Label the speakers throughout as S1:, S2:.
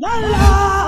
S1: la la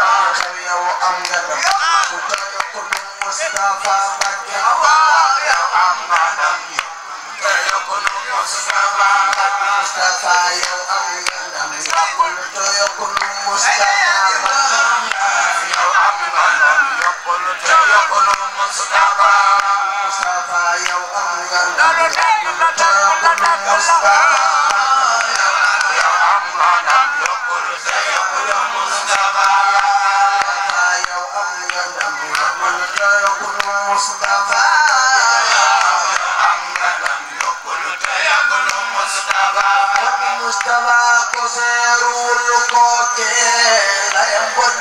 S1: xew yow am nga dem ku doy ku du Moustapha Mbacké yow am nga dem doy ku du Moustapha Mbacké Moustapha yow am nga dem ku doy ku du Moustapha Mbacké yow am nga dem ku doy ku du Moustapha Moustapha yow am nga dem ku doy ku du Moustapha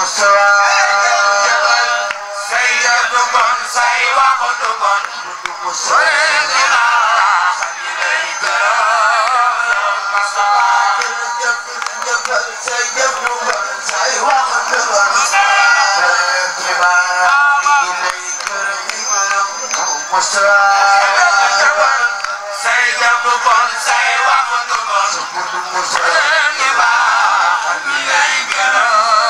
S1: Say what the boss, so put the boss, and the bar, and the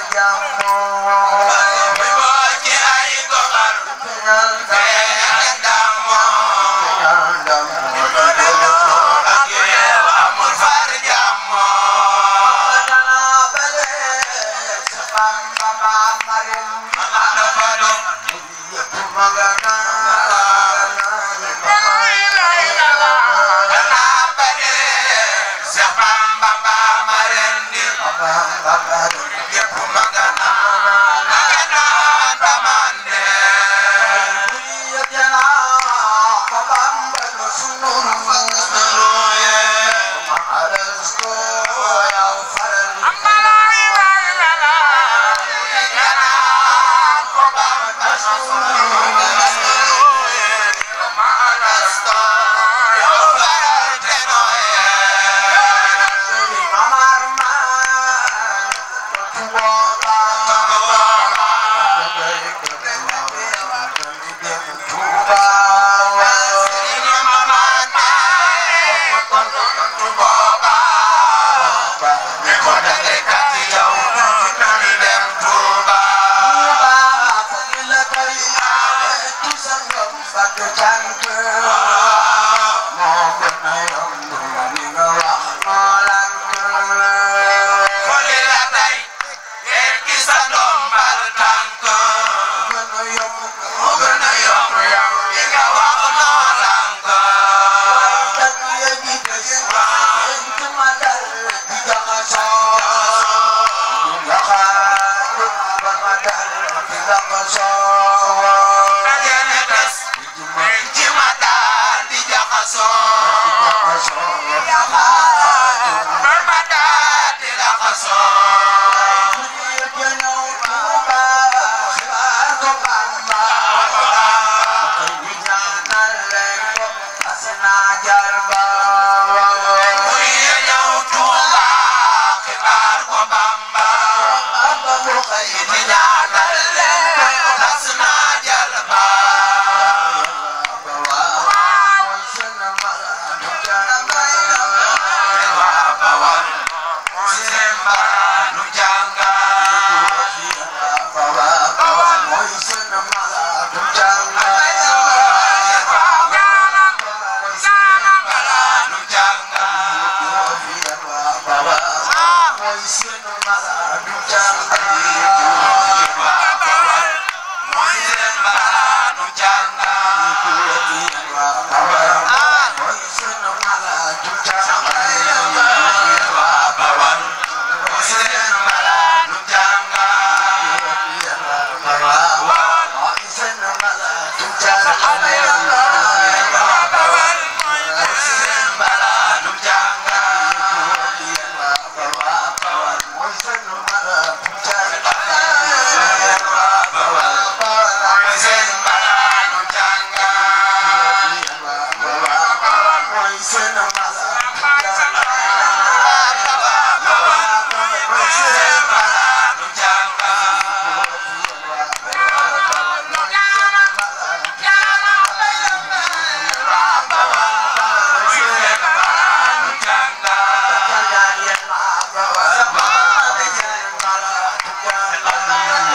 S1: Maria. Bye.